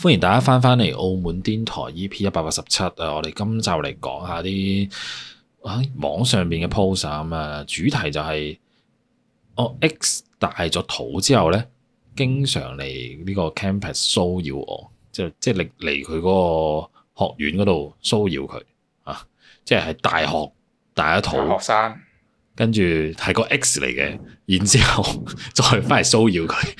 歡迎大家翻返嚟《澳門癲台》EP 一百八十七啊！我哋今集嚟講下啲喺網上邊嘅 post 咁啊，主題就係、哦、我 X 大咗肚之後咧，經常嚟呢個 campus 騷擾我，即即嚟嚟佢嗰個學院嗰度騷擾佢啊，即係大學大咗肚學生。跟住係個 ex 嚟嘅，然之後再翻嚟騷擾佢，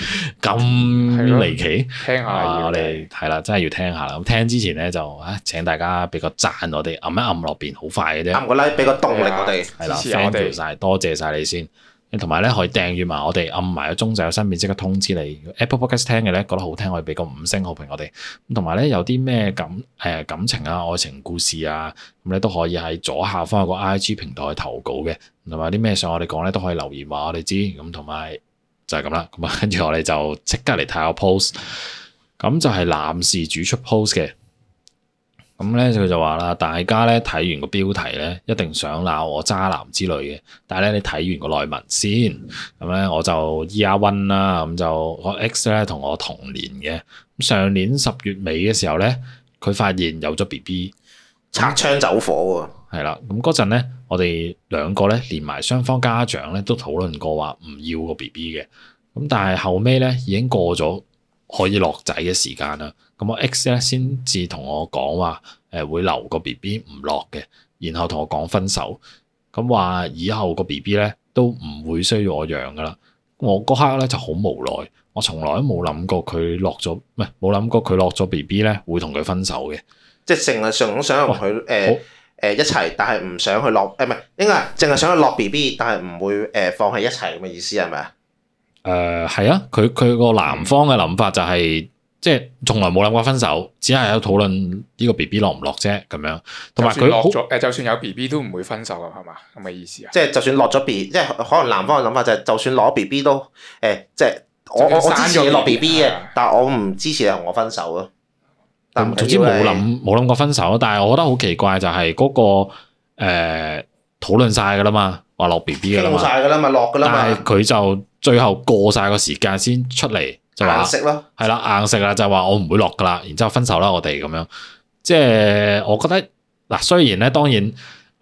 咁離奇。聽下，啊嗯、我哋係啦，的真係要聽下啦。咁的聽之前咧就啊，請大家俾個贊我哋，按一按落邊，好快嘅啫。按個 like 俾個動力我哋，係啦的，多謝晒，謝謝多謝晒你先。同埋咧可以訂閲埋我哋，按埋個鐘仔，有新片即刻通知你。Apple Podcast 聽嘅咧覺得好聽，可以俾個五星好評我哋。咁同埋咧有啲咩感誒、呃、感情啊、愛情故事啊，咁咧都可以喺左下方有個 IG 平台去投稿嘅。同埋啲咩想我哋講咧都可以留言話我哋知。咁同埋就係咁啦。咁啊跟住我哋就即刻嚟睇下 post。咁就係男士主出 post 嘅。咁咧佢就話啦，大家咧睇完個標題咧，一定想鬧我渣男之類嘅。但係咧，你睇完個內文先。咁咧我就廿一啦。咁就我 X 咧同我同年嘅。咁上年十月尾嘅時候咧，佢發現有咗 B B，拆槍走火喎、啊。係啦。咁嗰陣咧，我哋兩個咧，連埋雙方家長咧，都討論過話唔要個 B B 嘅。咁但係後尾咧，已經過咗可以落仔嘅時間啦。咁我 X 咧先至同我講話，誒會留個 B B 唔落嘅，然後同我講分手，咁話以後個 B B 咧都唔會需要我養噶啦。我嗰刻咧就好無奈，我從來都冇諗過佢落咗，唔係冇諗過佢落咗 B B 咧會同佢分手嘅。即係成日想想同佢誒誒一齊，但係唔想去落，誒唔係應該係淨係想去落 B B，但係唔會誒放喺一齊咁嘅意思係咪啊？誒係啊，佢佢個男方嘅諗法就係。即係從來冇諗過分手，只係度討論呢個 B B 落唔落啫咁樣。同埋佢落咗誒，就算有 B B 都唔會分手啊，係嘛咁嘅意思啊、欸？即係就算落咗 B，即係可能男方嘅諗法就係，就算攞 B B 都誒，即係我我支持落 B B 嘅，但我唔支持你同我分手咯。但總之冇諗冇諗過分手咯。但係我覺得好奇怪就係嗰、那個誒討論晒噶啦嘛，話落 B B 嘅啦嘛，講晒噶啦，嘛，落噶啦嘛。了了但係佢就最後過晒個時間先出嚟。就硬食咯，係啦，硬食啦，就話、是、我唔會落噶啦，然之後分手啦，我哋咁樣。即、就、係、是、我覺得嗱，雖然咧，當然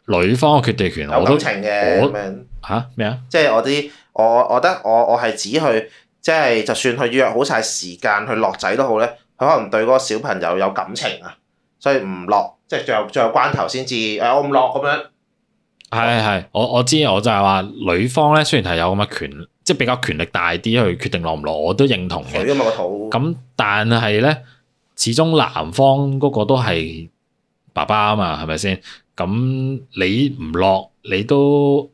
女方嘅決定權有情我都吓咩啊？即係我啲，我我覺得我我係指去，即係就算去約好晒時間去落仔都好咧，佢可能對嗰個小朋友有感情啊，所以唔落，即係最後最後關頭先至誒，我唔落咁樣。係係、嗯，我我知，我就係話女方咧，雖然係有咁嘅權。即係比較權力大啲去決定落唔落，我都認同嘅。咁、啊、但係咧，始終男方嗰個都係爸爸啊嘛，係咪先？咁你唔落，你都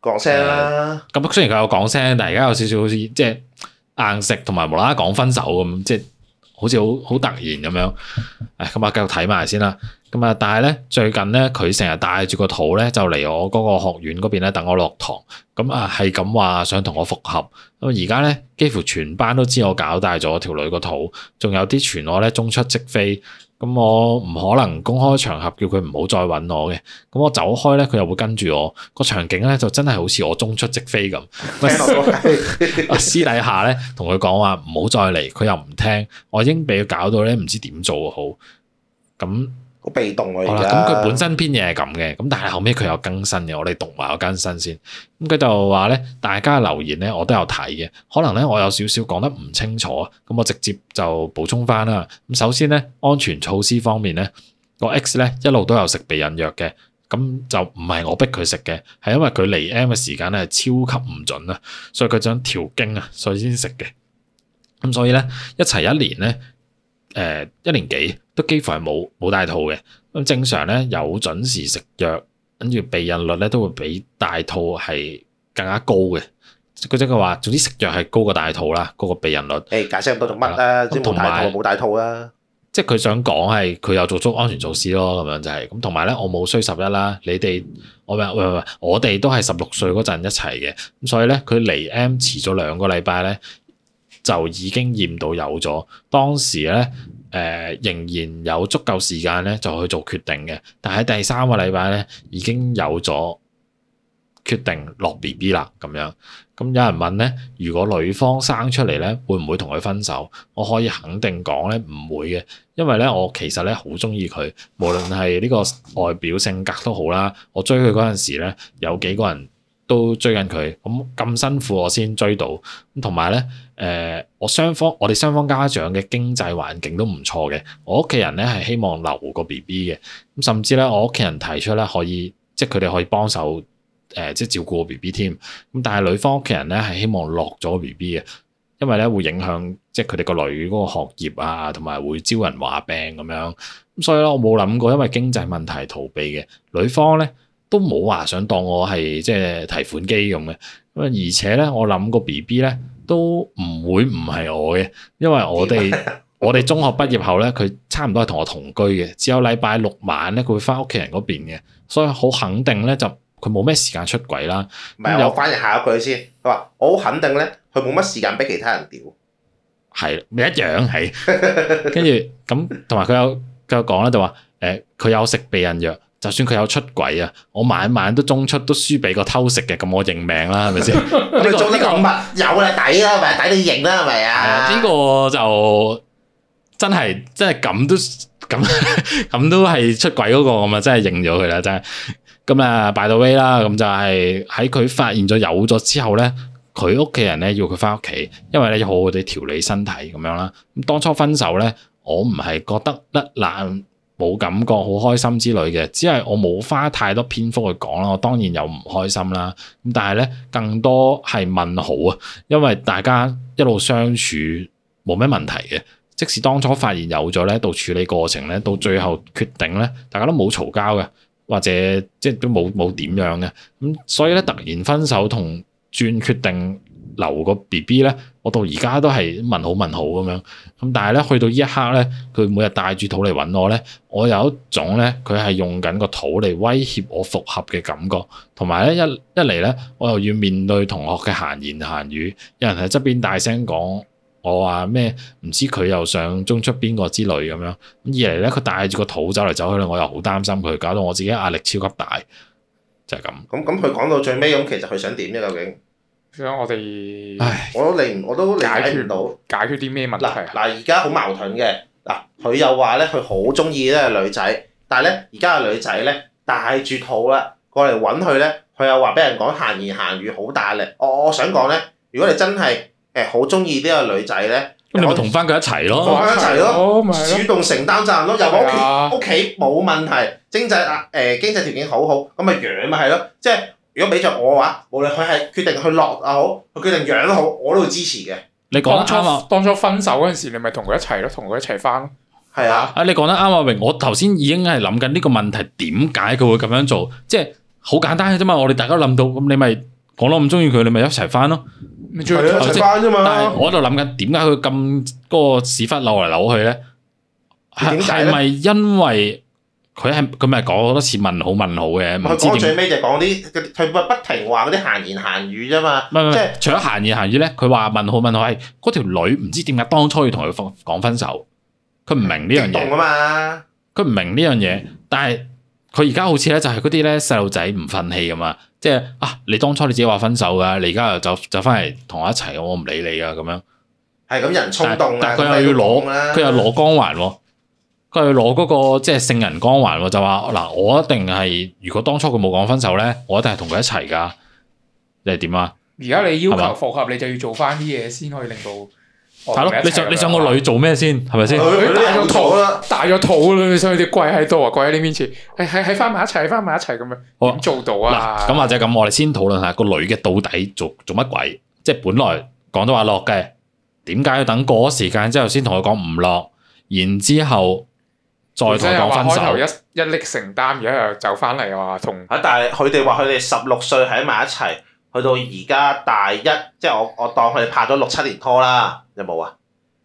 講聲啦。咁、呃、雖然佢有講聲，但係而家有少少好似即係硬食同埋無啦啦講分手咁，即係好似好好突然咁樣。誒、 哎，咁啊繼續睇埋先啦。咁啊！但係咧，最近咧，佢成日帶住個肚咧，就嚟我嗰個學院嗰邊咧，等我落堂。咁啊，係咁話想同我復合。咁而家咧，幾乎全班都知我搞大咗條女個肚，仲有啲傳我咧，中出即飛。咁我唔可能公開場合叫佢唔好再搵我嘅。咁我走開咧，佢又會跟住我。個場景咧，就真係好似我中出即飛咁。說 私底下咧，同佢講話唔好再嚟，佢又唔聽。我已經俾佢搞到咧，唔知點做好。咁。被動咁佢本身篇嘢係咁嘅，咁但係後尾佢有更新嘅，我哋讀埋個更新先。咁佢就話咧，大家留言咧，我都有睇嘅。可能咧，我有少少講得唔清楚，咁我直接就補充翻啦。咁首先咧，安全措施方面咧，個 X 咧一路都有食避孕藥嘅，咁就唔係我逼佢食嘅，係因為佢離 M 嘅時間咧係超級唔準啊，所以佢想調經啊，所以先食嘅。咁所以咧，一齊一年咧。誒、呃、一年幾都幾乎係冇冇戴套嘅，咁正常咧，有準時食藥，跟住避孕率咧都會比戴套係更加高嘅。佢即係話，總之食藥係高過戴套啦，高過避孕率。誒、欸，解釋唔到做乜啦，即係冇戴套冇戴套啦。即係佢想講係佢有做足安全措施咯，咁樣就係、是、咁。同埋咧，我冇衰十一啦，你哋我咪唔係我哋都係十六歲嗰陣一齊嘅，咁所以咧佢嚟 M 遲咗兩個禮拜咧。就已經驗到有咗當時咧，誒、呃、仍然有足夠時間咧，就去做決定嘅。但係第三個禮拜咧，已經有咗決定落 B B 啦，咁樣咁、嗯、有人問咧，如果女方生出嚟咧，會唔會同佢分手？我可以肯定講咧，唔會嘅，因為咧，我其實咧好中意佢，無論係呢個外表性格都好啦。我追佢嗰陣時咧，有幾個人都追緊佢，咁咁辛苦我先追到，同埋咧。誒、呃，我雙方我哋雙方家長嘅經濟環境都唔錯嘅。我屋企人咧係希望留個 B B 嘅咁，甚至咧我屋企人提出咧可以即係佢哋可以幫手誒，即係照顧個 B B 添咁。但係女方屋企人咧係希望落咗 B B 嘅，因為咧會影響即係佢哋個女嗰個學業啊，同埋會招人話病咁樣咁。所以咧我冇諗過，因為經濟問題逃避嘅女方咧都冇話想當我係即係提款機咁嘅咁啊。而且咧我諗個 B B 咧。都唔會唔係我嘅，因為我哋 我哋中學畢業後咧，佢差唔多係同我同居嘅，只有禮拜六晚咧佢會翻屋企人嗰邊嘅，所以好肯定咧就佢冇咩時間出軌啦。唔係不我翻譯下佢先，佢話我好肯定咧，佢冇乜時間俾其他人屌，係咪一樣係。跟住咁同埋佢有佢又講咧就話誒佢有食避孕藥。就算佢有出軌啊，我晚晚都中出都輸俾個偷食嘅，咁我認命啦，係咪先？呢、 呢個呢、呢個物有啊，抵、這、啦、個，咪抵你認啦，係咪啊？呢個就真係真係咁都咁咁都係出軌嗰個咁啊，真係認咗佢啦，真係。咁啊 by the way 啦，咁就係喺佢發現咗有咗之後咧，佢屋企人咧要佢翻屋企，因為咧要好好地調理身體咁樣啦。咁當初分手咧，我唔係覺得得嗱。冇感覺好開心之類嘅，只係我冇花太多篇幅去講啦。我當然有唔開心啦，咁但係咧更多係問號啊，因為大家一路相處冇咩問題嘅，即使當初發現有咗咧，到處理過程咧，到最後決定咧，大家都冇嘈交嘅，或者即係都冇冇點樣嘅，咁所以咧突然分手同轉決定留個 B B 咧。我到而家都係問好問好咁樣，咁但係咧去到呢一刻咧，佢每日帶住肚嚟搵我咧，我有一種咧佢係用緊個肚嚟威脅我復合嘅感覺，同埋咧一一嚟咧，我又要面對同學嘅閒言閒語，有人喺側邊大聲講我話咩唔知佢又想中出邊個之類咁樣，二嚟咧佢帶住個肚走嚟走去咧，我又好擔心佢，搞到我自己壓力超級大，就係、是、咁。咁咁佢講到最尾咁，其實佢想點呢？究竟？我哋，我都理我都理解唔到，解決啲咩問題嗱，而家好矛盾嘅，嗱，佢又話咧，佢好中意呢個女仔，但係咧，而家嘅女仔咧，大住肚啦，過嚟揾佢咧，佢又話俾人講閒言閒語好大力。我我想講咧，如果你真係誒好中意呢個女仔咧，咁你咪同翻佢一齊咯，同佢一齊咯，就是、主動承擔責任咯，又屋企屋企冇問題，經濟啊誒、呃、經濟條件好好，咁咪養咪係咯，即係。如果俾着我嘅話，無論佢係決定去落又好，佢決定養都好，我都會支持嘅。你講得出口，當初當初分手嗰陣時，你咪同佢一齊咯，同佢一齊翻咯。係啊，啊你講得啱阿榮，我頭先已經係諗緊呢個問題，點解佢會咁樣做？即係好簡單嘅啫嘛。我哋大家都諗到，咁、那個、你咪講得咁中意佢，你咪一齊翻咯。你最緊要一齊翻啫嘛。但係我喺度諗緊，點解佢咁嗰個屎忽扭嚟扭去咧？係係咪因為？佢係佢咪講好多次問好問好嘅，唔知點。最尾就講啲佢佢不停話嗰啲閒言閒語啫嘛，即係是、就是、除咗閒言閒語咧，佢話問好問好係嗰條女唔知點解當初要同佢分講分手，佢唔明呢樣嘢。衝動啊嘛，佢唔明呢樣嘢，但係佢而家好似咧就係嗰啲咧細路仔唔忿氣咁嘛。即係啊，你當初你自己話分手噶，你而家又走走翻嚟同我一齊，我唔理你噶咁樣。係咁人衝動啊，但係佢又要攞佢又攞光環。佢攞嗰個即係聖人光環喎，就話、是、嗱，我一定係如果當初佢冇講分手咧，我一定係同佢一齊噶，你係點啊？而家你要求復合，吧你就要做翻啲嘢先可以令到你想你想個女做咩先？係咪先？大咗肚啦，大咗肚啦，你想佢跪喺度啊？跪喺你面前，喺喺喺翻埋一齊，喺翻埋一齊咁好樣，點做到啊？咁或者咁，我哋先討論下個女嘅到底做做乜鬼？即係本來講都話落嘅，點解要等過咗時間之後先同佢講唔落？然之後。再同佢分手，一一力承擔，而家又走翻嚟話同。但係佢哋話佢哋十六歲喺埋一齊，去到而家大一，即係我我當佢哋拍咗六七年拖啦，有冇啊？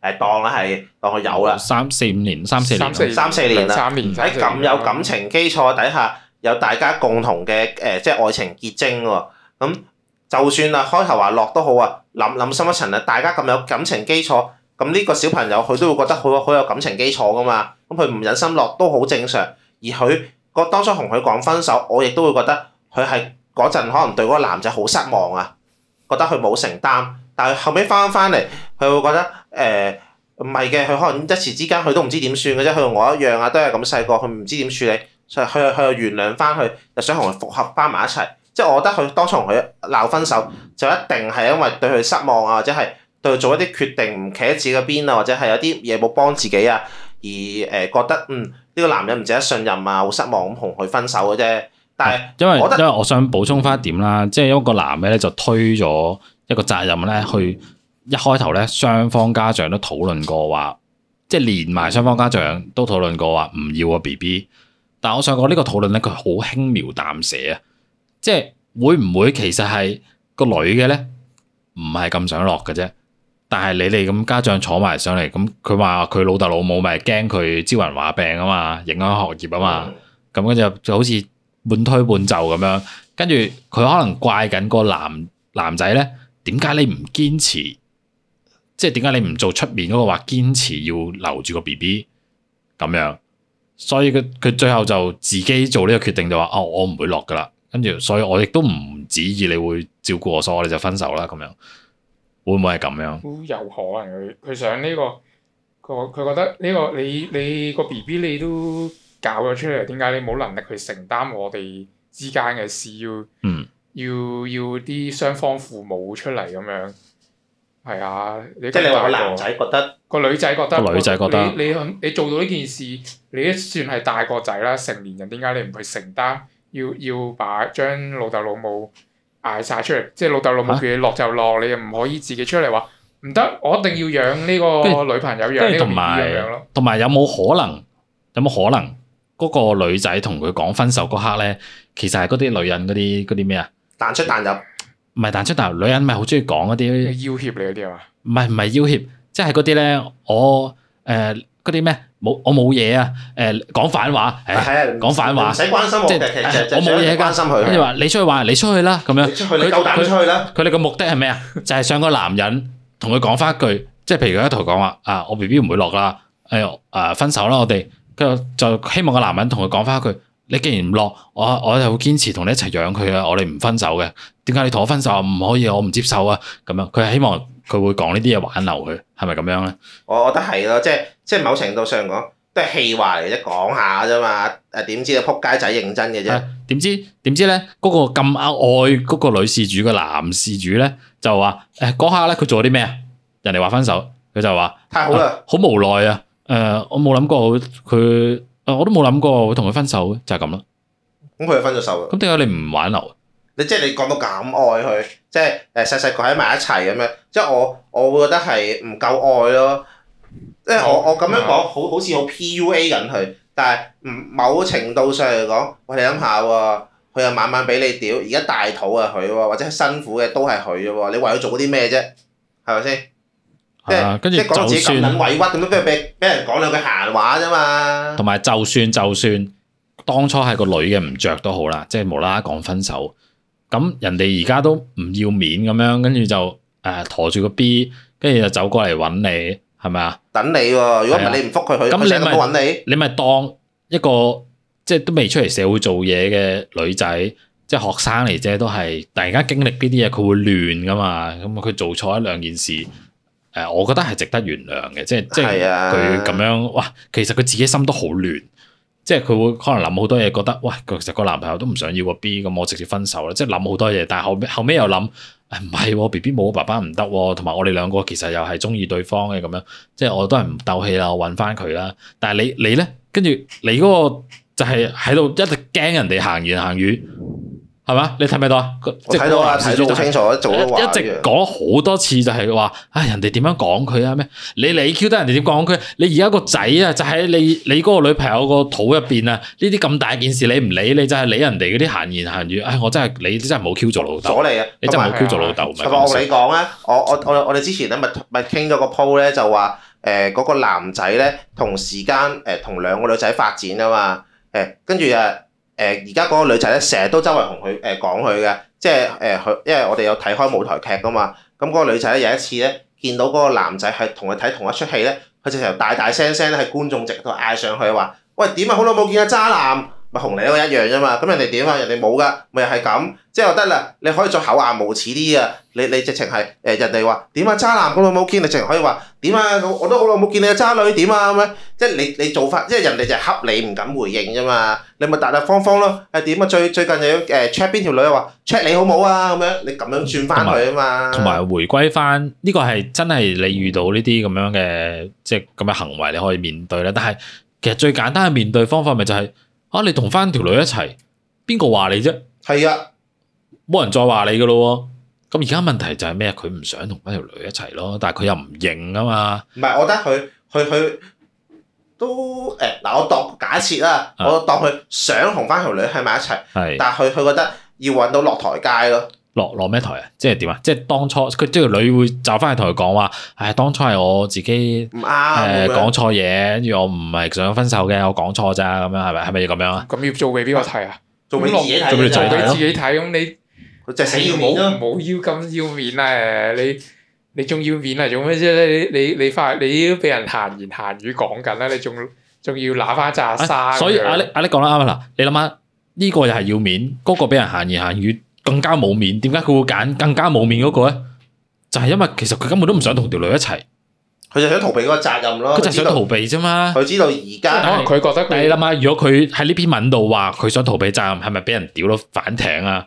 誒，當啦係當佢有啦，三四五年，三四年，三四,三四年啦，喺咁有感情基礎底下，有大家共同嘅誒、呃，即係愛情結晶喎。咁就算啊，開頭話落都好啊，諗諗深一層啦，大家咁有感情基礎，咁呢個小朋友佢都會覺得好好有感情基礎㗎嘛。咁佢唔忍心落都好正常，而佢我當初同佢講分手，我亦都會覺得佢係嗰陣可能對嗰個男仔好失望啊，覺得佢冇承擔，但係後尾翻翻嚟，佢會覺得誒唔係嘅，佢、呃、可能一時之間佢都唔知點算嘅啫，佢同我一樣啊，都係咁細個，佢唔知點處理，所以佢佢又原諒翻佢，又想同佢復合翻埋一齊。即係我覺得佢當初同佢鬧分手，就一定係因為對佢失望啊，或者係對佢做一啲決定唔企喺自己嗰邊啊，或者係有啲嘢冇幫自己啊。而誒，覺得，嗯，呢個男人唔值得信任啊，好失望咁同佢分手嘅啫。但係因為因為我想補充翻一點啦，即係一個男嘅咧就推咗一個責任咧，去一開頭咧雙方家長都討論過話，即係連埋雙方家長都討論過話唔要啊 B B。但係我想講呢個討論咧佢好輕描淡寫啊，即係會唔會其實係個女嘅咧唔係咁想落嘅啫？但係你哋咁家長坐埋上嚟，咁佢話佢老豆老母咪驚佢招人話病啊嘛，影響學業啊嘛，咁跟住就好似半推半就咁樣。跟住佢可能怪緊個男男仔咧，點解你唔堅持？即係點解你唔做出面嗰個話堅持要留住個 BB 咁樣？所以佢佢最後就自己做呢個決定就話：哦、啊，我唔會落噶啦。跟住，所以我亦都唔旨意你會照顧我，所以我哋就分手啦咁樣。會唔會係咁樣？有可能佢佢想呢個，佢佢覺得呢個你你個 B B 你都搞咗出嚟，點解你冇能力去承擔我哋之間嘅事？要要要啲雙方父母出嚟咁樣。係啊，你覺得即係你個男仔覺得，個女仔覺得，個女仔覺得，你你你，你做到呢件事，你都算係大個仔啦，成年人，點解你唔去承擔？要要把將老豆老母？挨晒出嚟，即係老豆老母叫你落就落，啊、你又唔可以自己出嚟話唔得，我一定要養呢個女朋友養，養呢個咁樣咯。同埋有冇可能？有冇可能嗰、這個女仔同佢講分手嗰刻咧，其實係嗰啲女人嗰啲啲咩啊？彈出彈入，唔係彈出彈入，女人咪好中意講嗰啲要挾你嗰啲係嘛？唔係唔係要挾，即係嗰啲咧，我誒嗰啲咩？呃冇，我冇嘢啊！誒，講反話，係講反話，唔使關心我嘅，即其實，其實我冇嘢噶。跟住話你出去玩，你出去啦咁樣。你出去，你夠膽出去啦？佢哋個目的係咩啊？ 就係想個男人同佢講翻一句，即係譬如佢一度講話啊，我 B B 唔會落啦，誒啊分手啦我哋，跟住就希望個男人同佢講翻一句，你既然唔落，我我就會堅持同你一齊養佢啊，我哋唔分手嘅。點解你同我分手啊？唔可以，我唔接受啊！咁樣，佢係希望。佢會講呢啲嘢挽留佢，係咪咁樣咧？我覺得係咯，即係即係某程度上講都係氣話嚟啫，講下啫嘛。誒點知啊，撲街仔認真嘅啫。點知點知咧，嗰、那個咁啱愛嗰個女事主嘅男事主咧，就話誒嗰下咧，佢、欸、做咗啲咩啊？人哋話分手，佢就話太好啦，好、啊、無奈啊。誒、呃，我冇諗過佢，我都冇諗過會同佢分手，就係咁啦。咁佢就分咗手啦。咁點解你唔挽留？即係你講到咁愛佢，即係誒細細個喺埋一齊咁樣，即係我我會覺得係唔夠愛咯。即係我我咁樣講，好好似好 PUA 緊佢。但係某程度上嚟講，我哋諗下喎，佢又晚晚俾你屌，而家大肚啊佢喎，或者辛苦嘅都係佢嘅喎，你為咗做嗰啲咩啫？係咪先？即係跟住講自己委屈咁樣，都係俾俾人講兩句閒話啫嘛。同埋就算就算當初係個女嘅唔著都好啦，即係無啦啦講分手。咁人哋而家都唔要面咁樣，跟住就誒陀住個 B，跟住就走過嚟揾你，係咪啊？等你喎，如果唔係你唔覆佢，去。佢上到揾你。你咪當一個即係都未出嚟社會做嘢嘅女仔，即係學生嚟啫，都係突然間經歷呢啲嘢，佢會亂㗎嘛。咁佢做錯一兩件事，誒，我覺得係值得原諒嘅，即係、啊、即係佢咁樣。哇，其實佢自己心都好亂。即係佢會可能諗好多嘢，覺得喂，其實個男朋友都唔想要個 B，咁、嗯、我直接分手啦。即係諗好多嘢，但後尾後尾又諗，唔係喎，B B 冇爸爸唔得，哦，同埋我哋兩個其實又係中意對方嘅咁樣。即係我都係唔鬥氣啦，我揾翻佢啦。但係你你咧，跟住你嗰個就係喺度一直驚人哋行遠行遠。係嘛？你睇咪到啊？我睇到啊，睇到好清楚。一一直講好多次就係話：，唉、哎，人哋點樣講佢啊？咩？你理 Q 得人哋點講佢？你而家個仔啊，就喺你你嗰個女朋友個肚入邊啊！呢啲咁大件事你唔理，你就係理人哋嗰啲閒言閒語。唉、哎，我真係你真係冇 Q 做老豆。你啊！你真係冇 Q 做老豆咪。我同你講啊。我我我我哋之前咧咪咪傾咗個鋪咧，就話誒嗰個男仔咧同時間誒、呃、同兩個女仔發展啊嘛誒、呃，跟住誒、啊。誒而家嗰個女仔咧，成日都周圍同佢誒講佢嘅，即係誒佢，因為我哋有睇開舞台劇噶嘛，咁、嗯、嗰、嗰個女仔咧有一次咧，見到嗰個男仔係同佢睇同一出戲咧，佢就直頭大大聲聲喺觀眾席度嗌上去話：喂，點啊？好耐冇見啊，渣男！咪紅領都一樣啫嘛，咁人哋點啊？人哋冇噶，咪又係咁，即係又得啦。你可以再厚顏無恥啲啊！你你直情係誒人哋話點啊？渣男，我好耐冇見你，直情可以話點啊？我我都好耐冇見你嘅渣女，點啊咁樣？即係你你做法，即係人哋就恰你唔敢回應啫嘛。你咪大大方方咯，係點啊？最最近又要誒 check 邊條女話 check 你好唔好啊？咁樣你咁樣轉翻去啊嘛。同埋回歸翻呢個係真係你遇到呢啲咁樣嘅即係咁嘅行為，你可以面對啦。但係其實最簡單嘅面對方法咪就係。啊！你同翻條女一齊，邊個話你啫？係啊，冇人再話你噶咯。咁而家問題就係咩？佢唔想同翻條女一齊咯，但係佢又唔認啊嘛。唔係，我覺得佢佢佢都誒嗱、欸，我當假設啦，啊、我當佢想同翻條女喺埋一齊，係啊，但係佢佢覺得要揾到落台階咯。落落咩台啊？即係點啊？即係當初佢即係女會走翻去同佢講話，唉，當初係我自己唔啱，誒講錯嘢，跟住我唔係想分手嘅，我講錯咋咁樣係咪？係咪要咁樣啊？咁要做俾邊個睇啊？做落做俾你自己睇，咁你就死唔好要咁要面啊！你你仲要面啊？做咩啫？你你你發你都俾人閒言閒語講緊啦，你仲仲要拿翻扎沙！所以阿力阿力講得啱啦，你諗下呢個又係要面，嗰個俾人閒言閒語。更加冇面，點解佢會揀更加冇面嗰個咧？就係因為其實佢根本都唔想同條女一齊，佢就想逃避嗰個責任咯。佢就想逃避啫嘛。佢知道而家，可能佢覺得。你諗下，如果佢喺呢篇文度話佢想逃避責任，係咪俾人屌到反艇啊？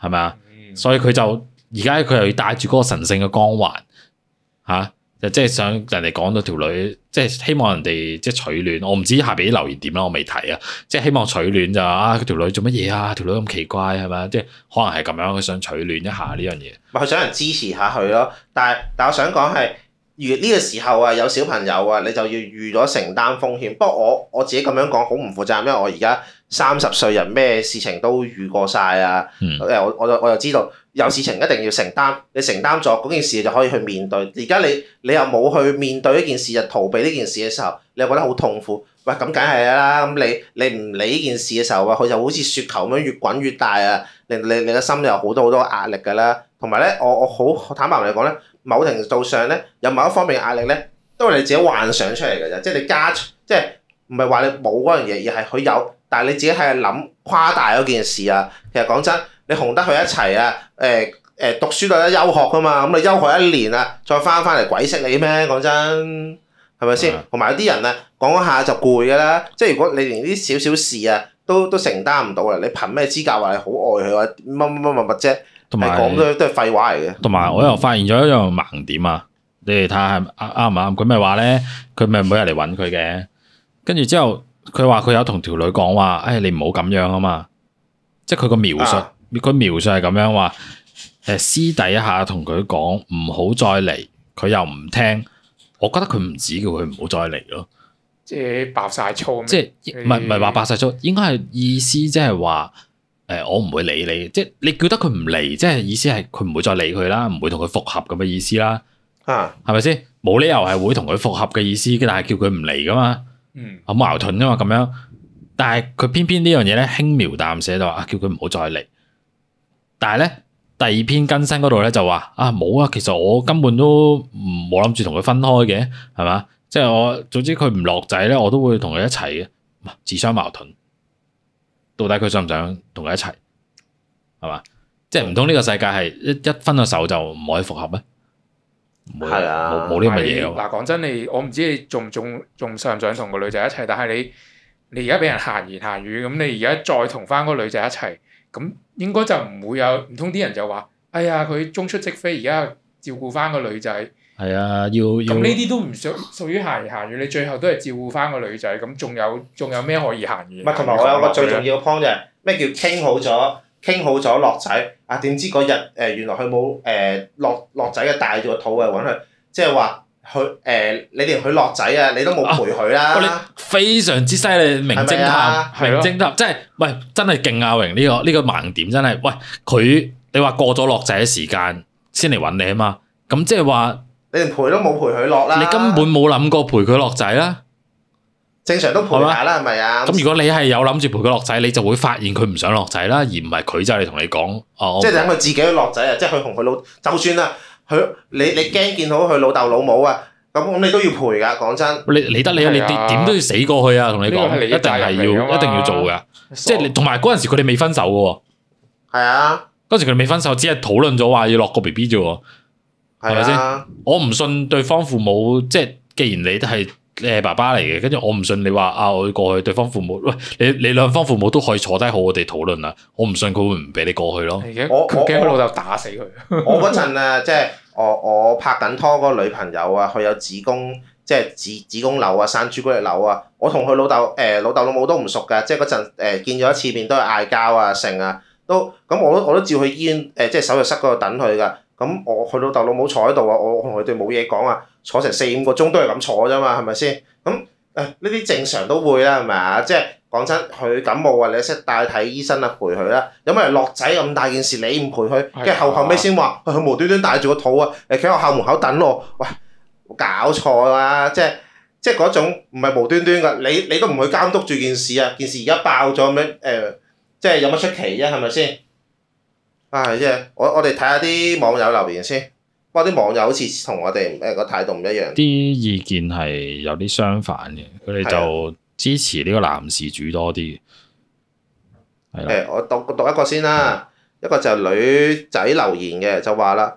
係咪啊？嗯、所以佢就而家佢又要帶住嗰個神聖嘅光環嚇。啊即係想人哋講到條女，即係希望人哋即係取暖。我唔知下邊留言點啦，我未睇啊。即係希望取暖就啊，條女做乜嘢啊？條女咁奇怪係咪？即係可能係咁樣，佢想取暖一下呢樣嘢。佢想人支持下佢咯。但係但我想講係，如呢個時候啊，有小朋友啊，你就要預咗承擔風險。不過我我自己咁樣講好唔負責任，因為我而家三十歲人，咩事情都遇過晒啊。嗯、我我就我就知道。有事情一定要承擔，你承擔咗，嗰件事就可以去面對。而家你你又冇去面對呢件事，就逃避呢件事嘅時候，你又覺得好痛苦。喂、哎，咁梗係啦，咁你你唔理呢件事嘅時候啊，佢就好似雪球咁樣越滾越大啊，令令你嘅心理有好多好多壓力㗎啦。同埋咧，我我好坦白嚟講咧，某程度上咧，有某一方面嘅壓力咧，都係你自己幻想出嚟嘅啫。即係你加，即係唔係話你冇嗰樣嘢，而係佢有，但係你自己係諗誇大嗰件事啊。其實講真。你同得佢一齊啊？誒誒，讀書都啲休學噶嘛？咁你休學一年啊，再翻翻嚟鬼識你咩？講真對對，係咪先？同埋有啲人啊，講一下就攰噶啦。即係如果你連啲少少事啊，都都承擔唔到啊，你憑咩資格你什麼什麼什麼話你好愛佢啊？乜乜乜乜啫？同埋講嘅都係廢話嚟嘅。同埋我又發現咗一樣盲點啊！你哋睇下啱唔啱？佢咪話咧，佢咪每日嚟揾佢嘅。跟住之後，佢話佢有同條女講話，誒、哎、你唔好咁樣啊嘛。即係佢個描述。啊 佢描述係咁樣話，誒、私底下同佢講，唔好再嚟。佢又唔聽。我覺得佢唔止叫佢唔好再嚟咯，即係爆晒粗。色即係唔係唔係話爆晒粗？應該係意思即係話，誒、呃、我唔會理你。即係你叫得佢唔嚟，即係意思係佢唔會再理佢啦，唔會同佢復合咁嘅意思啦。啊，係咪先？冇理由係會同佢復合嘅意思，但係叫佢唔嚟㗎嘛。嗯嘛，好矛盾㗎嘛咁樣。但係佢偏偏呢樣嘢咧，輕描淡寫就話啊，叫佢唔好再嚟。但係咧，第二篇更新嗰度咧就話啊，冇啊，其實我根本都冇諗住同佢分開嘅，係嘛？即係我總之佢唔落仔咧，我都會同佢一齊嘅，自相矛盾。到底佢想唔想同佢一齊？係嘛？即係唔通呢個世界係一一分咗手就唔可以復合咩？係啊，唔會，冇冇呢啲嘢。嗱，講真你，你，我唔知你仲仲仲想唔想同個女仔一齊，但係你你而家俾人閒言閒語，咁你而家再同翻嗰個女仔一齊。咁應該就唔會有，唔通啲人就話，哎呀，佢中出即飛，而家照顧翻個女仔。係啊，要。咁呢啲都唔屬屬於閒言閒語，你最後都係照顧翻個女仔，咁仲有仲有咩可以閒語？唔係，同埋我有個最重要嘅 point 就係咩叫傾好咗，傾好咗落仔，啊點知嗰日誒原來佢冇誒落落仔嘅，大個肚啊揾佢，即係話。就是佢誒、呃，你連佢落仔啊，你都冇陪佢啦、啊啊。你非常之犀利，名偵探，是是啊、名偵探，是的 即係喂，真係勁啊！榮、這、呢個呢、這個盲點真係，喂，佢你話過咗落仔嘅時間先嚟揾你啊嘛？咁即係話你連陪都冇陪佢落啦，你根本冇諗過陪佢落仔啦。正常都陪下啦，係咪啦啊？咁如果你係有諗住陪佢落仔，你就會發現佢唔想落仔啦，而唔係佢就係、是、同你講。就是、 即係等佢自己去落仔啊！即係佢同佢老，就算啦。係你你驚見到佢老豆老母啊？咁咁你都要賠噶，講真。你你得你，你點、啊、都要死過去啊？同你講，你一定係要，一定要做噶。啊、即係你同埋嗰陣時佢哋未分手噶。係啊，嗰陣時佢哋未分手，只係討論咗話要落個 B B 啫。係咪先？吧我唔信對方父母，即係既然你都係。你係爸爸嚟嘅，跟住我唔信你話啊！我過去對方父母，喂，你你兩方父母都可以坐低好我哋討論啦。我唔信佢會唔俾你過去咯。我我驚佢老豆打死佢。我嗰陣 啊，即係我我拍緊拖個女朋友啊，佢有子宮，即係子子宮瘤啊，生朱古力瘤啊。我同佢老豆誒老豆老母都唔熟噶，即係嗰陣誒見咗一次面都係嗌交啊成啊，都咁我都我都照去醫院誒，即係手術室嗰度等佢噶。咁我佢老豆老母坐喺度啊，我同佢哋冇嘢講啊。坐成四五個鐘都係咁坐啫嘛，係咪先？咁誒呢啲正常都會啦，係咪啊？即係講真，佢感冒啊，你識帶睇醫生啊，陪佢啦。有乜人落仔咁大件事，你唔陪佢，跟住的後後尾先話，佢、哎、無端端帶住個肚啊！誒，企喺學校門口等我，喂，搞錯啦！即係即係嗰種唔係無端端噶，你你都唔去監督住件事啊？件事而家爆咗咁樣即係有乜出奇啫？係咪先？啊，即係我我哋睇下啲網友留言先。哇！啲網友好似同我哋誒個態度唔一樣。啲意見係有啲相反嘅，佢哋就支持呢個男事主多啲。誒的，我讀讀一個先啦。的一個就係女仔留言嘅，就話啦，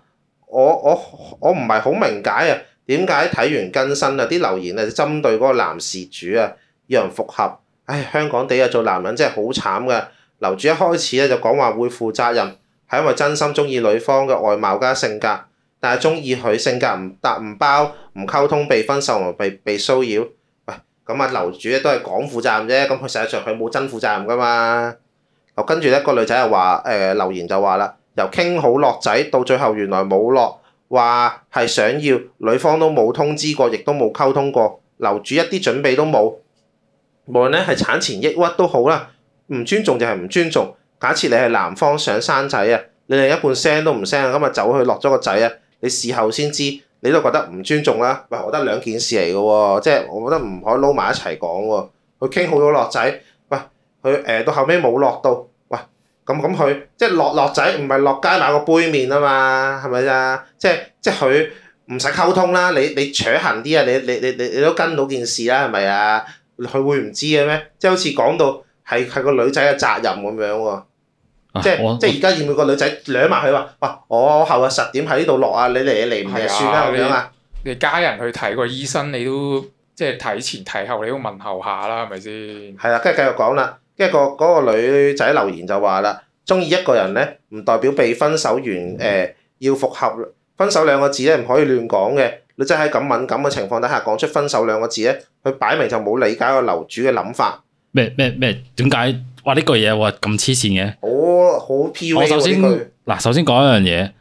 我我我唔係好明解啊，點解睇完更新啊，啲留言啊針對嗰個男事主啊，要人復合？唉、哎，香港地啊，做男人真係好慘㗎。樓主一開始咧就講話會負責任，係因為真心中意女方嘅外貌加性格。但係中意佢性格唔搭唔包唔溝通被分手，又被被騷擾。喂，咁啊樓主咧都係講負責任啫，咁佢實際上佢冇真負責任噶嘛。跟住咧個女仔又話，誒、呃、留言就話啦，由傾好落仔到最後原來冇落，話係想要女方都冇通知過，亦都冇溝通過，樓主一啲準備都冇。無論咧係產前抑鬱都好啦，唔尊重就係唔尊重。假設你係男方想生仔啊，你另一半聲都唔聲，咁啊走去落咗個仔啊！你事後先知，你都覺得唔尊重啦。喂，我覺得兩件事嚟嘅喎，即係我覺得唔可以撈埋一齊講喎。佢傾好咗落仔，喂，佢誒到後尾冇落到，喂，咁咁佢即係落落仔，唔係落街買個杯麵啊嘛，係咪啊？即係即係佢唔使溝通啦，你你扯行啲啊，你你你你你都跟到件事啦，係咪啊？佢會唔知嘅咩？即係好似講到係係個女仔嘅責任咁樣喎。即係我即係而家要每個女仔兩埋佢話，哇！我後日十點喺呢度落啊，你嚟嚟唔嚟算啦咁樣啊。你家人去睇個醫生，你都即係睇前睇後，你都問候下啦，係咪先？係啦，跟住繼續講啦。跟住、嗰個嗰、嗰個、女仔留言就話啦：中意一個人咧，唔代表被分手完誒、嗯呃、要復合。分手兩個字咧，唔可以亂講嘅。女仔喺咁敏感嘅情況底下講出分手兩個字咧，佢擺明就冇理解個樓主嘅諗法。咩咩咩？點解？哇！呢句嘢喎咁黐線嘅，好好我首先嗱，句首先講一樣嘢，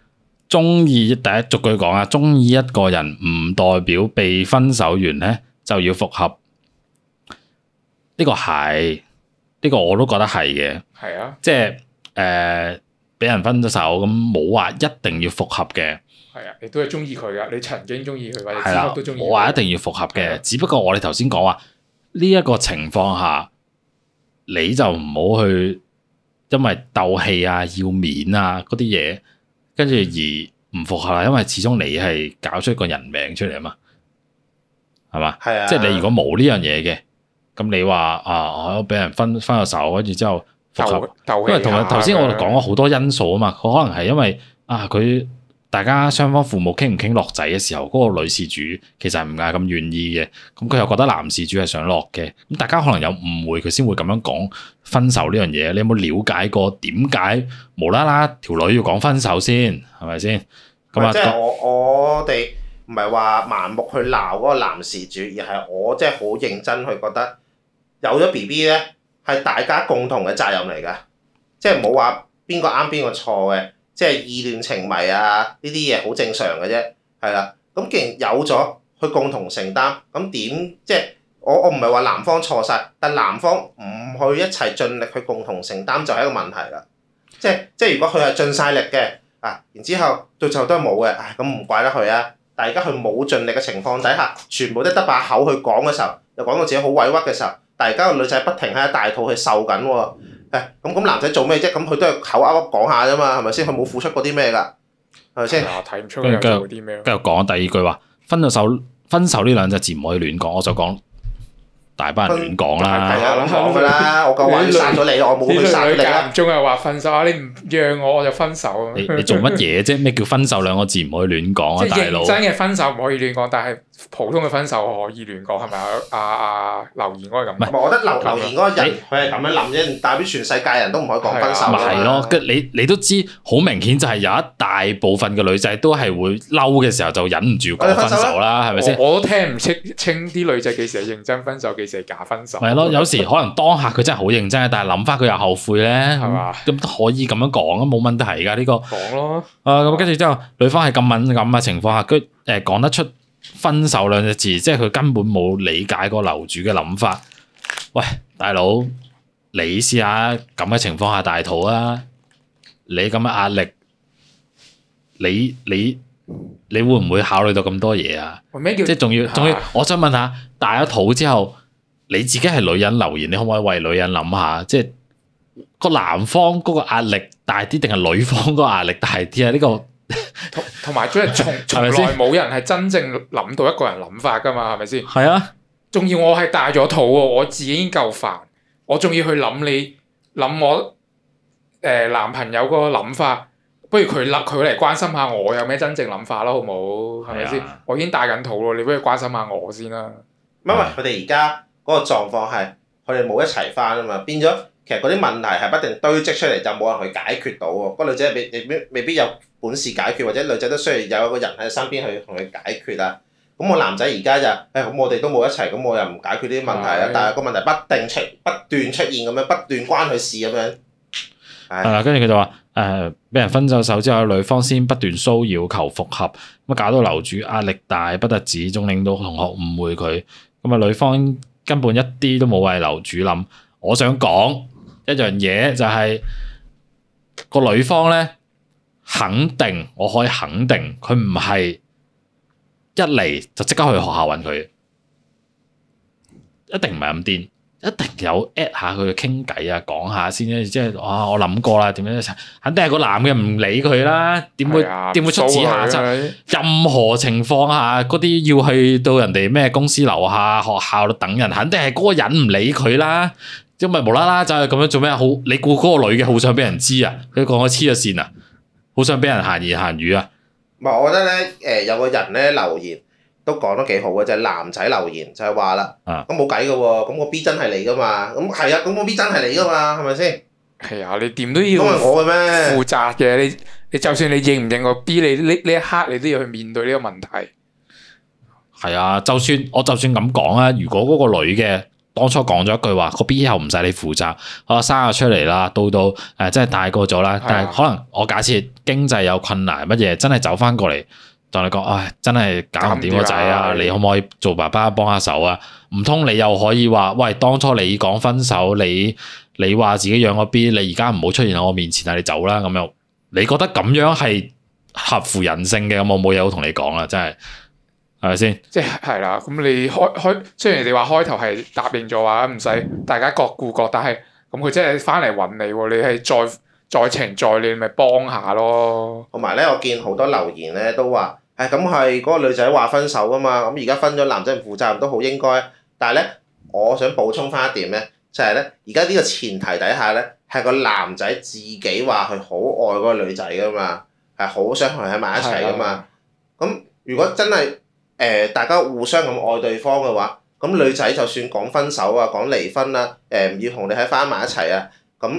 中意第一逐句講啊，中意一個人唔代表被分手完咧就要復合。呢、呢個係呢、呢個我都覺得係嘅。係啊，即係誒，俾、呃、人分咗手咁，冇話一定要復合嘅。係啊，你都係中意佢噶，你曾經中意佢或者之後都中意。冇話、啊、一定要復合嘅，啊、只不過我哋頭先講話呢一個情況下。你就唔好去，因為鬥氣啊、要面啊嗰啲嘢，跟住而唔符合啦。因為始終你係搞出一個人命出嚟嘛，係嘛？是啊、即係你如果冇呢樣嘢嘅，咁你話啊，我俾人分分咗手，跟住之後，因為同埋頭先我哋講咗好多因素啊嘛，佢對 可能係因為啊佢。大家雙方父母傾唔傾落仔嘅時候，嗰個女事主其實唔係咁願意嘅，咁佢又覺得男事主係想落嘅，咁大家可能有誤會，佢先會咁樣講分手呢樣嘢。你有冇了解過點解無啦啦條女要講分手先係咪先？咁啊，不那即係我那我哋唔係話盲目去鬧嗰個男事主，而係我即係好認真去覺得有咗 B B 咧係大家共同嘅責任嚟㗎，即係冇話邊個啱邊個錯嘅。即係意亂情迷啊！呢啲嘢好正常嘅啫，係啦。咁既然有咗，去共同承擔，咁點即係我我唔係話男方錯晒，但男方唔去一齊盡力去共同承擔就係一個問題啦。即係即係如果佢係盡晒力嘅啊，然之後到最後都係冇嘅，唉、哎，咁、嗯、唔怪得佢啊。但係而家佢冇盡力嘅情況底下，全部都得把口去講嘅時候，又講到自己好委屈嘅時候，但係而家個女仔不停喺大肚去受緊、啊、喎。咁咁男仔做咩啫？咁佢都係口噏噏講下啫嘛，係咪先？佢冇付出過啲咩噶，係咪先？跟住又跟住講第二句話，分手分手呢兩隻字唔可以亂講，我就講大班人亂講啦，亂講啦，我夠殺咗你，我冇去殺你啦。你你間唔中又話分手啊？你唔讓我我就分手。你你做乜嘢啫？咩叫分手兩個字唔可以亂講啊？大佬真嘅分手唔可以亂講，但係，普通嘅分手我可以亂講係咪啊？啊啊留言嗰個咁，唔係我覺得留言嗰個人佢係咁樣諗啫，代表全世界人都唔可以講分手咪係咯，嗯、你你都知好明顯就係有一大部分嘅女仔都係會嬲嘅時候就忍唔住講分手啦，係咪先？我都聽唔清清啲女仔幾時係認真分手，幾時係假分手。係咯，有時可能當下佢真係好認真，但係諗翻佢又後悔咧，係嘛？咁可以咁樣講啊，冇問題噶呢個。講咯。咁跟住之後，女方係咁敏感嘅情況下，佢誒講得出。分手兩隻字，即係佢根本冇理解過樓主嘅諗法。喂，大佬，你試下咁嘅情況下大肚啊！你咁嘅壓力，你你你，你會唔會考慮到咁多嘢啊？即係仲要仲要，我想問下，大咗肚之後，你自己係女人留言，你可唔可以為女人諗下？即係個男方嗰個壓力大啲，定係女方個壓力大啲啊？呢個 同同埋即係從從來冇人係真正諗到一個人諗法噶嘛，係咪先？係啊，仲要我係大咗肚喎，我自己已經夠煩，我仲要去諗你諗我誒、呃、男朋友嗰個諗法，不如佢立佢嚟關心下我有咩真正諗法啦，好唔好？係咪先？我已經大緊肚咯，你不如關心下我先啦。唔係佢哋而家嗰個狀況係佢哋冇一齊返啊嘛，變咗。其實嗰啲問題係不定堆積出嚟，就冇人去解決到喎。個女仔未未未必有本事解決，或者女仔都需要有個人喺身邊去同佢解決啊。咁我男仔而家就，誒，咁我哋都冇一齊，咁我又唔解決呢啲問題啊。但係個問題不定出不斷出現咁樣，不斷關佢事咁樣。係啦，跟住佢就話，誒，俾人分咗手之後，女方先不斷騷擾求復合，咁啊搞到樓主壓力大不得止，仲令到同學誤會佢。咁啊，女方根本一啲都冇為樓主諗。我想講。一樣嘢就係個女方咧，肯定我可以肯定，佢唔係一嚟就即刻去學校揾佢，一定唔係咁癲，一定有 at 下佢傾偈啊，講下先啫。即係啊，我諗過啦，點樣？肯定係個男嘅唔理佢啦，點會點會出此下策？任何情況下，嗰啲要去到人哋咩公司樓下、學校度等人，肯定係嗰個人唔理佢啦。即係咪無啦啦就係咁樣做咩啊？好，你估嗰個女嘅好想俾人知啊？你講我黐咗線啊？好想俾人閒言閒語啊？唔係，我覺得咧，誒，有個人咧留言都講得幾好嘅，就係男仔留言就係話啦，咁冇計嘅，咁個 B 真係你噶嘛？咁係啊，咁個 B 真係你噶嘛？係咪先？係啊，你點都要，都係我嘅咩？負責嘅，你你就算你認唔認個 B，你呢呢一刻你都要去面對呢個問題。係啊，就算我就算咁講啊，如果嗰個女嘅。當初講咗一句話，個 B 以後唔使你負責，我生阿出嚟啦，到到誒真係大個咗啦。但係可能我假設經濟有困難，乜嘢真係走翻過嚟同你講，唉，真係搞唔掂個仔啊！你可唔可以做爸爸幫下手啊？唔通你又可以話，喂，當初你講分手，你你話自己養個 B，你而家唔好出現喺我面前啊！但你走啦咁樣，你覺得咁樣係合乎人性嘅？咁我冇嘢好同你講啊？真係。係咪先？即係啦，咁你開開，雖然你話開頭係答應咗話唔使大家各顧各，但係咁佢真係翻嚟揾你喎，你係再情再理，咪幫下咯。同埋咧，我見好多留言咧都話：，誒咁係嗰個女仔話分手噶嘛，咁而家分咗，男仔唔負責任都好應該。但係咧，我想補充翻一點咧，就係咧，而家呢個前提底下咧，係個男仔自己話佢好愛嗰個女仔噶嘛，係好想同佢喺埋一齊噶嘛。咁的如果真係，嗯誒，大家互相咁愛對方嘅話，咁女仔就算講分手啊，講離婚啊，誒、欸、唔要同你喺翻埋一齊啊，咁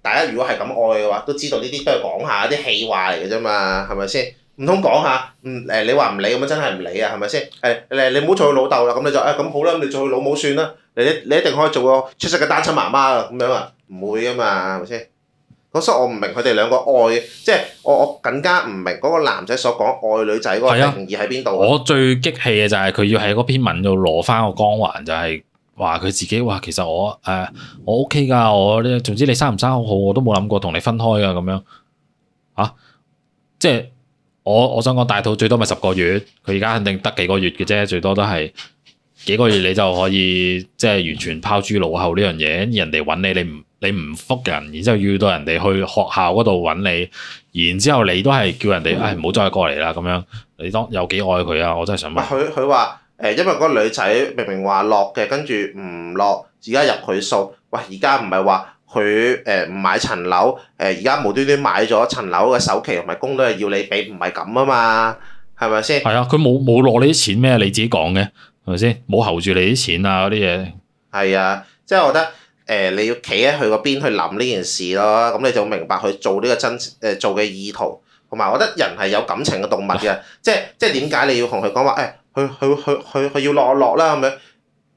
大家如果係咁愛嘅話，都知道呢啲都係講下啲氣話嚟嘅啫嘛，係咪先？唔通講下，唔、嗯、誒你話唔理咁樣，真係唔理啊，係咪先？誒、欸、你唔好做佢老豆啦，咁你就誒咁、欸、好啦，咁你做佢老母算啦，你你一定可以做個出色嘅單親媽媽啊，咁樣啊，唔會噶嘛，係咪先？嗰所以，我唔明佢哋兩個愛，即係我我更加唔明嗰個男仔所講愛女仔嗰個定義喺邊度。我最激氣嘅就係佢要喺嗰篇文度攞翻個光環，就係話佢自己話其實我誒我 OK 㗎，我啲總之你生唔生好好，我都冇諗過同你分開㗎咁樣。嚇！即係我我想講大肚最多咪十個月，佢而家肯定得幾個月嘅啫，最多都係幾個月你就可以即係完全拋諸腦後呢樣嘢，人哋揾你你唔～你唔復人，然之後要到人哋去學校嗰度揾你，然之後你都係叫人哋，唉、嗯，唔好、哎、再過嚟啦咁樣。你當有幾愛佢啊？我真係想問。佢佢話誒，因為嗰個女仔明明話落嘅，跟住唔落，而家入佢數。喂，而家唔係話佢誒唔買層樓，誒而家無端端買咗層樓嘅首期同埋工都係要你俾，唔係咁啊嘛，係咪先？係啊，佢冇冇落你啲錢咩？你自己講嘅係咪先？冇候住你啲錢啊嗰啲嘢。係啊，即係我覺得。誒、呃，你要企喺佢個邊去諗呢件事咯，咁、嗯、你就明白佢做呢個真誒、呃、做嘅意圖。同埋，我覺得人係有感情嘅動物嘅，即係即係點解你要同佢講話誒？佢佢佢佢佢要落落啦咁樣，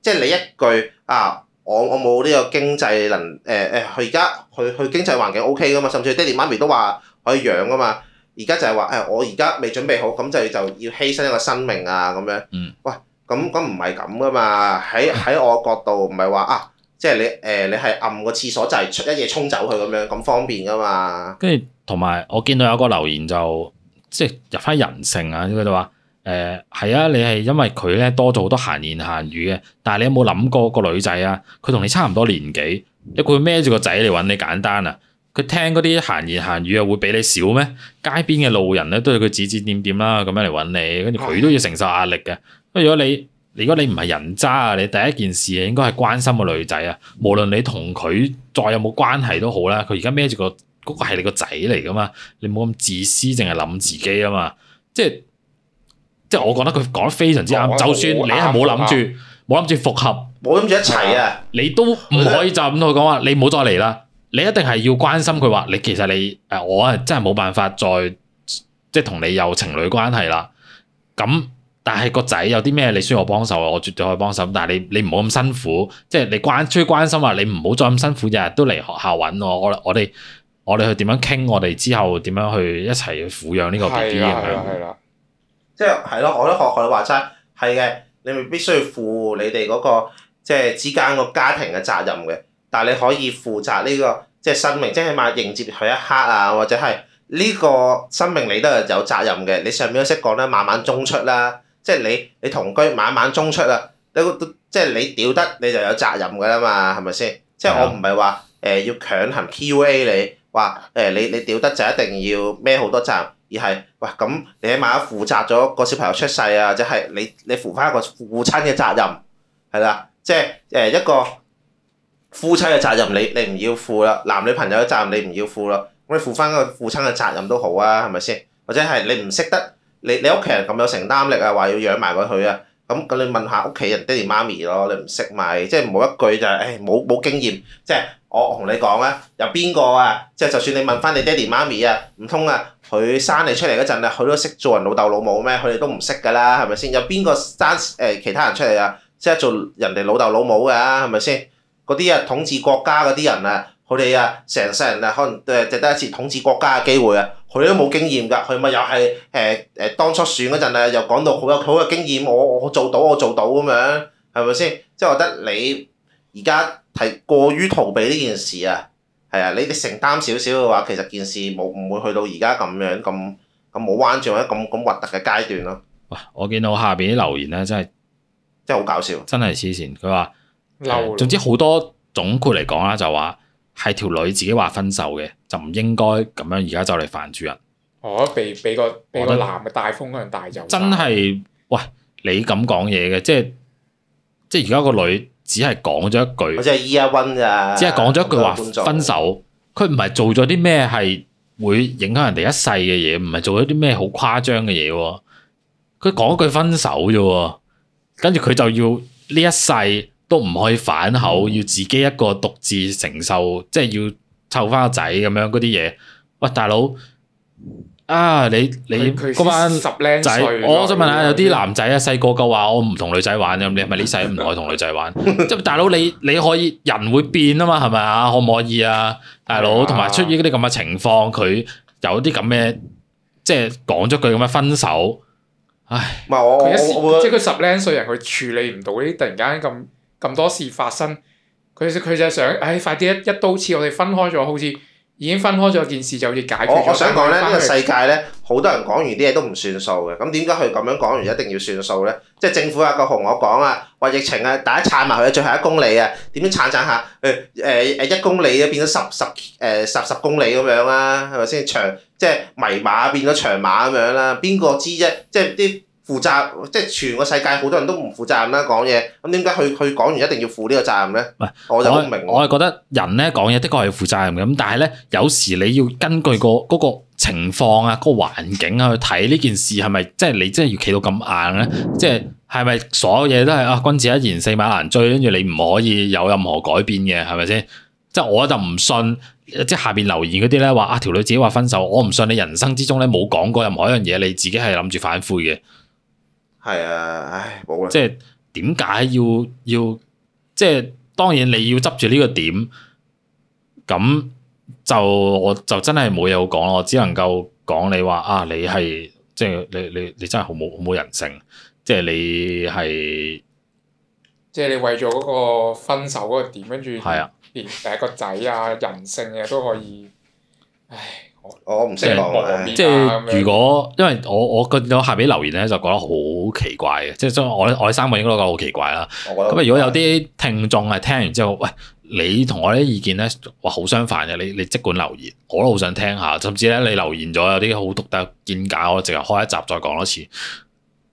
即係你一句啊，我我冇呢個經濟能誒誒，佢而家佢佢經濟環境 OK 噶嘛，甚至爹哋媽咪都話可以養噶嘛。而家就係話誒，我而家未準備好，咁就就要犧牲一個生命啊咁樣。喂，咁咁唔係咁噶嘛？喺喺我角度唔係話啊。即係你誒、呃，你係暗個廁所就掣，一嘢沖走佢咁樣，咁方便噶嘛？跟住同埋我見到有個留言就，即、就、係、是、入翻人性啊！佢就話誒係啊，你係因為佢咧多咗好多閒言閒語嘅，但係你有冇諗過個女仔啊？佢同你差唔多年紀，你佢孭住個仔嚟揾你簡單啊？佢聽嗰啲閒言閒語又會比你少咩？街邊嘅路人咧都要佢指指點點啦，咁樣嚟揾你，跟住佢都要承受壓力嘅。不過如果你如果你唔係人渣啊，你第一件事啊，應該係關心個女仔啊。無論你同佢再有冇關係都好啦，佢而家孭住個嗰個係你個仔嚟噶嘛。你冇咁自私，淨係諗自己啊嘛。即係即係我覺得佢講得非常之啱。就算你係冇諗住冇諗住復合，冇諗住一齊啊，你都唔可以就咁同佢講話，你冇再嚟啦。你一定係要關心佢話，你其實你誒我係真係冇辦法再即係同你有情侶關係啦。咁。但係個仔有啲咩你需要我幫手啊，我絕對可以幫手。但係你你唔好咁辛苦，即係你關最關心話你唔好再咁辛苦，日日都嚟學校揾我。我我哋我哋去點樣傾，我哋之後點樣去一齊去撫養呢個 B B、啊啊啊、即係係咯，我都學學你話齋係嘅，你未必需要負你哋嗰、那個即係之間個家庭嘅責任嘅。但係你可以負責呢、這個即係生命，即係起碼迎接佢一刻啊，或者係呢個生命你都係有責任嘅。你上面都識講啦，慢慢中出啦。即係你你同居晚晚中出啊，都即係你屌得你就有責任㗎啦嘛，係咪先？即係我唔係話誒要強行 PUA 你，話誒、呃、你你屌得就一定要孭好多責任，而係喂咁你起碼負責咗個小朋友出世啊，即係你你負翻個父親嘅責任，係啦，即係誒一個夫妻嘅責任你你唔要負啦，男女朋友嘅責任你唔要負啦，咁你負翻個父親嘅責任都好啊，係咪先？或者係你唔識得。你你屋企人咁有承擔力啊，話要養埋佢佢啊，咁咁你問下屋企人爹哋媽咪咯，你唔識咪，即係冇一句就係，唉冇冇經驗，即係我同你講啊，有邊個啊，即係就算你問翻你爹哋媽咪啊，唔通啊，佢生你出嚟嗰陣啊，佢都識做人老豆老母咩？佢哋都唔識噶啦，係咪先？有邊個生誒、哎、其他人出嚟啊，即係做人哋老豆老母㗎，係咪先？嗰啲啊統治國家嗰啲人啊。佢哋啊，成世人啊，可能都係值得一次統治國家嘅機會啊！佢都冇經驗㗎，佢咪又係誒誒當初選嗰陣啊，又講到好有好有經驗，我我做到我做到咁樣，係咪先？即係我覺得你而家係過於逃避呢件事啊，係啊！你哋承擔少少嘅話，其實件事冇唔會，會去到而家咁樣咁咁冇彎轉啊咁咁核突嘅階段咯。哇！我見到下邊啲留言咧，真係真係好搞笑，真係黐線！佢話，留言總之好多總括嚟講啦，就話、是。係條女自己話分手嘅，就唔應該咁樣而家就嚟煩住人。我俾俾個俾個男嘅大風可能帶走。真係，喂，你咁講嘢嘅，即係即係而家個女只係講咗一句，只係只係講咗一句話分手。佢唔係做咗啲咩係會影響人哋一世嘅嘢，唔係做咗啲咩好誇張嘅嘢喎。佢講一句分手啫，跟住佢就要呢一世，都唔可以反口，要自己一個獨自承受，即係要湊翻個仔咁樣嗰啲嘢。喂，大佬啊，你你嗰他十零歲，我想問下，有啲男仔啊，細個嘅話，我唔同女仔玩，咁你係咪呢世唔可以同女仔玩？即係、 就是、大佬，你你可以人會變啊嘛，係咪啊？可唔可以啊，大佬？同埋、啊、出現啲咁嘅情況，佢有啲咁嘅，即係講咗句咁嘅分手，唉，唔係我，我我我即係佢十零歲人，佢處理唔到呢？突然間咁。咁多事發生，佢佢就係想，唉，快啲一一刀切，我哋分開咗，好似已經分開咗件事，就要解決。我，我想講咧，呢個世界咧，好多人講完啲嘢都唔算數嘅。咁點解佢咁樣講完一定要算數咧？即係政府阿國雄，我講啊，話疫情啊，大家撐埋去最後一公里啊，點樣撐撐下？誒誒誒，一公里咧變咗十十誒十十公里咁樣啦，係咪先長？即係迷馬變咗長馬咁樣啦，邊個知啫？即係啲。負責即係全個世界好多人都唔負責任啦，講嘢咁點解佢佢講完一定要負呢個責任咧？唔係喂，我就唔明。我係覺得人咧講嘢的確係負責任嘅，但係咧有時你要根據、嗰個嗰、嗰個情況啊、嗰、嗰個環境啊去睇呢件事係咪即係你真係要企到咁硬咧？即係係咪所有嘢都係啊君子一言四馬難追，跟住你唔可以有任何改變嘅係咪先？即係我就唔信，即係下邊留言嗰啲咧話啊條女自己話分手，我唔信你人生之中咧冇講過任何一樣嘢，你自己係諗住反悔嘅。係啊，唉，冇啦。即係點解要要？即係當然你要執住呢個點，咁就我就真係冇嘢好講。我只能夠講你話啊，你係即係你你你真係好冇好冇人性，即係你係即係你為咗嗰個分手嗰個點，跟住係啊，第一、啊、個仔啊人性嘅、啊、都可以，唉。我唔識留，即係是是如果，因為我我個有下邊留言咧，就覺得好奇怪嘅，即係我我哋三個應該都覺得好奇怪啦。咁如果有啲聽眾係聽完之後，的喂，你同我啲意見咧，哇，好相反嘅，你你即管留言，我都好想聽下，甚至咧你留言咗有啲好獨特嘅見解，我淨係開一集再講多次。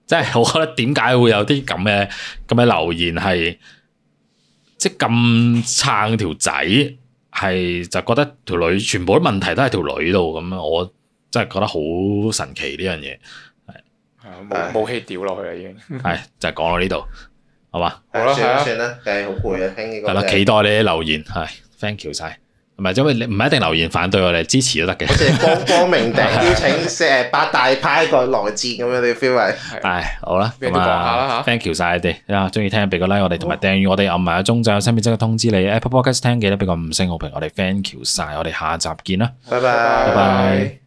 即係我覺得點解會有啲咁嘅咁嘅留言係，即係咁撐條仔。係就覺得條女全部啲問題都係條女度咁啊！我真係覺得好神奇，呢樣嘢係冇戲屌落去啦，已經係、 哎、就係、是、講到呢度，好嘛？好啦，算啦，係啦，但係好攰啊！聽呢個係啦，期待你啲留言係、哎、，thank you 晒。唔係，因為你唔係一定留言反對我哋，支持都得嘅。好似光光明頂 邀請四十八大，大派一個來戰咁 樣你 feel 係、like.。係好啦，咁講好啦吓。 thank you 晒你哋啊，中意聽俾個 like 我哋，同埋訂閱我哋，撳埋個鐘就有新片即刻通知你。Apple Podcast 聽記得俾個五星好評，我哋 thank you 晒，我哋下集見啦，拜拜。